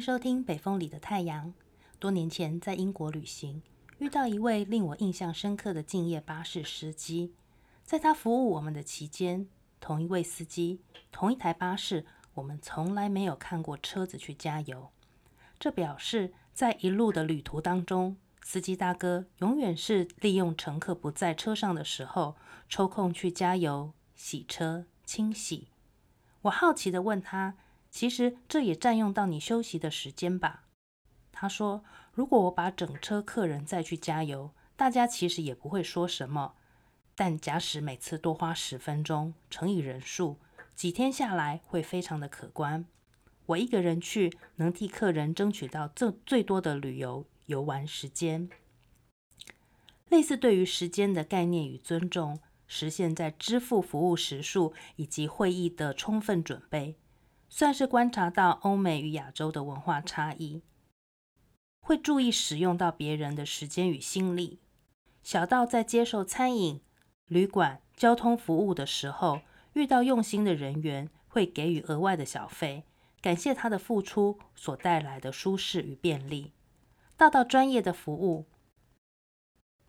收聽北風裡的太陽。多年前在英國旅行，遇到一位令我印象深刻的敬業巴士司機。在他服務我們的期間，同一位司機、同一台巴士，我們從來沒有看過車子去加油。這表示在一路的旅途當中，司機大哥永遠是利用乘客不在車上的時候，抽空去加油、洗車、清洗。我好奇地問他，其實這也佔用到你休息的時間吧？他說：“如果我把整車客人載去加油，大家其實也不會說什麼。但假使每次多花十分鐘，乘以人數，幾天下來會非常的可觀。我一個人去，能替客人爭取到最最多的旅遊遊玩時間。類似對於時間的概念與尊重，顯現在支付服務時數以及會議的充分準備。”算是觀察到歐美與亞洲的文化差異，會注意使用到別人的時間與心力。小到在接受餐飲、旅館、交通服務的時候，遇到用心的人員，會給予額外的小費，感謝他的付出所帶來的舒適與便利；大到專業的服務，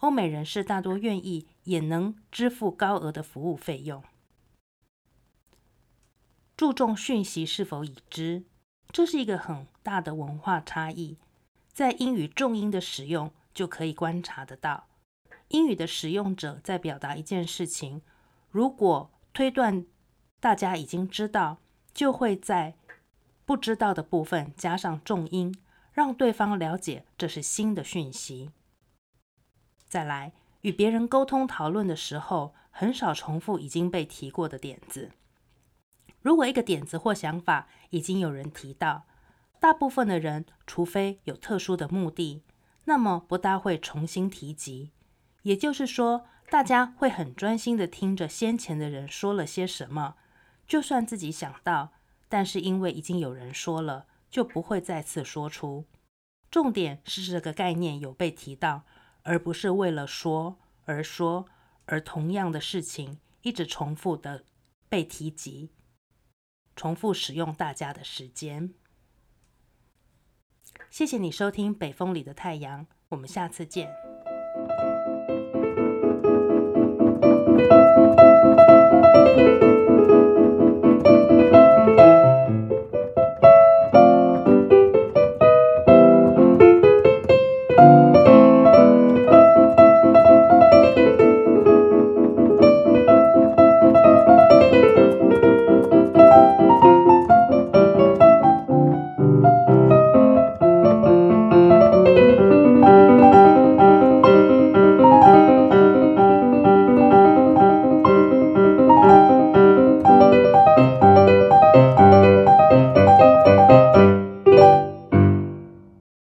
歐美人士大多願意也能支付高額的服務費用。注重訊息是否已知，這是一個很大的文化差異。在英語重音的使用就可以觀察得到。英語的使用者在表達一件事情，如果推斷大家已經知道，就會在不知道的部分加上重音，讓對方了解這是新的訊息。再來，與別人溝通討論的時候，很少重複已經被提過的點子。如果一個點子或想法已經有人提到，大部分的人除非有特殊的目的，那麼不大會重新提及。也就是說，大家會很專心地聽着先前的人說了些什麼，就算自己想到，但是因為已經有人說了，就不會再次說出。重點是這個概念有被提到，而不是為了說而說，而同樣的事情一直重複地被提及。重複使用大家的時間。謝謝你收聽《北風裡的太陽》，我們下次見。